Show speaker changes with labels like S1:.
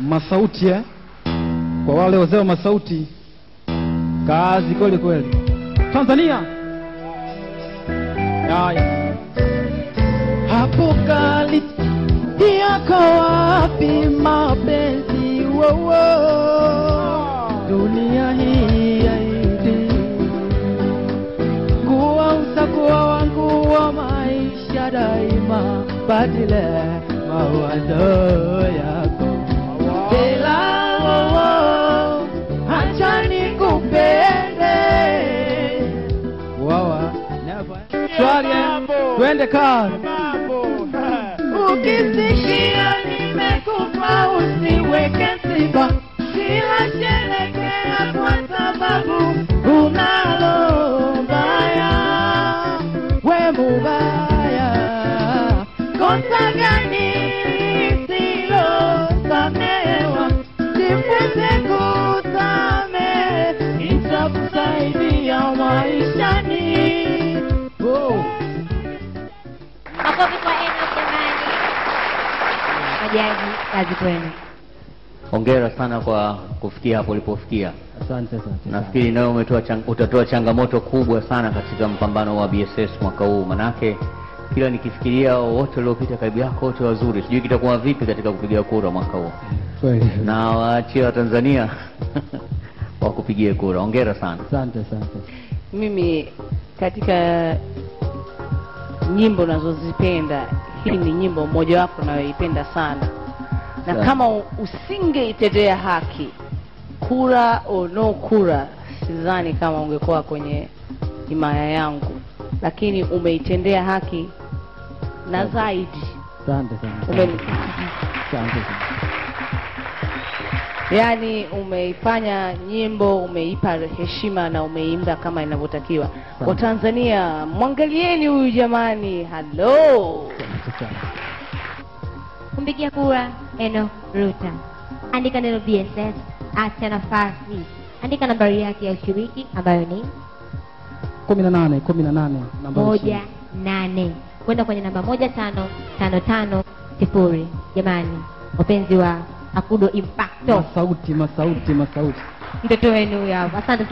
S1: Masauti eh? Kwa wale wazee wa masauti, kazi kweli kweli. Tanzania Yaya.
S2: Hapo kali yako wapi mapenzi wowo, dunia hii yaidi kuwa usakuwa wangu wa maisha daima, badile mawazo
S1: safari, twende kasi.
S2: Ukisishia nimekufa usiweke msiba, silasherekea kwa sababu unalo mbaya, we mubaya, kosa gani?
S3: majaji, kazi kwenu.
S4: Hongera sana kwa kufikia hapo ulipofikia. Asante sana. Nafikiri nawe umetoa chang, utatoa changamoto kubwa sana katika mpambano wa BSS mwaka huu, manake kila nikifikiria wote waliopita karibu yako wote wazuri, sijui kitakuwa vipi katika kupiga kura mwaka huu, na waachie Watanzania wakupigie kura. Hongera sana.
S5: Asante, asante.
S6: Mimi katika nyimbo nazozipenda hii ni nyimbo mojawapo nayoipenda sana na yeah. Kama usingeitetea haki kura o no kura, sidhani kama ungekuwa kwenye himaya yangu, lakini umeitendea haki na zaidi.
S5: Asante sana
S7: yaani umeifanya nyimbo, umeipa heshima na umeimba kama inavyotakiwa. Watanzania, mwangalieni huyu jamani. Halo,
S8: kumpigia kura Eno Ruta, andika neno BSS, acha nafasi, andika nambari yake ya ushiriki ambayo ni 18 kwenda kwenye namba moja tano tano tano sifuri. Jamani wapenzi wa Akudo Impact
S1: Masauti, Masauti, Masauti. Mtoto wenu huyo hapa. Asante sana.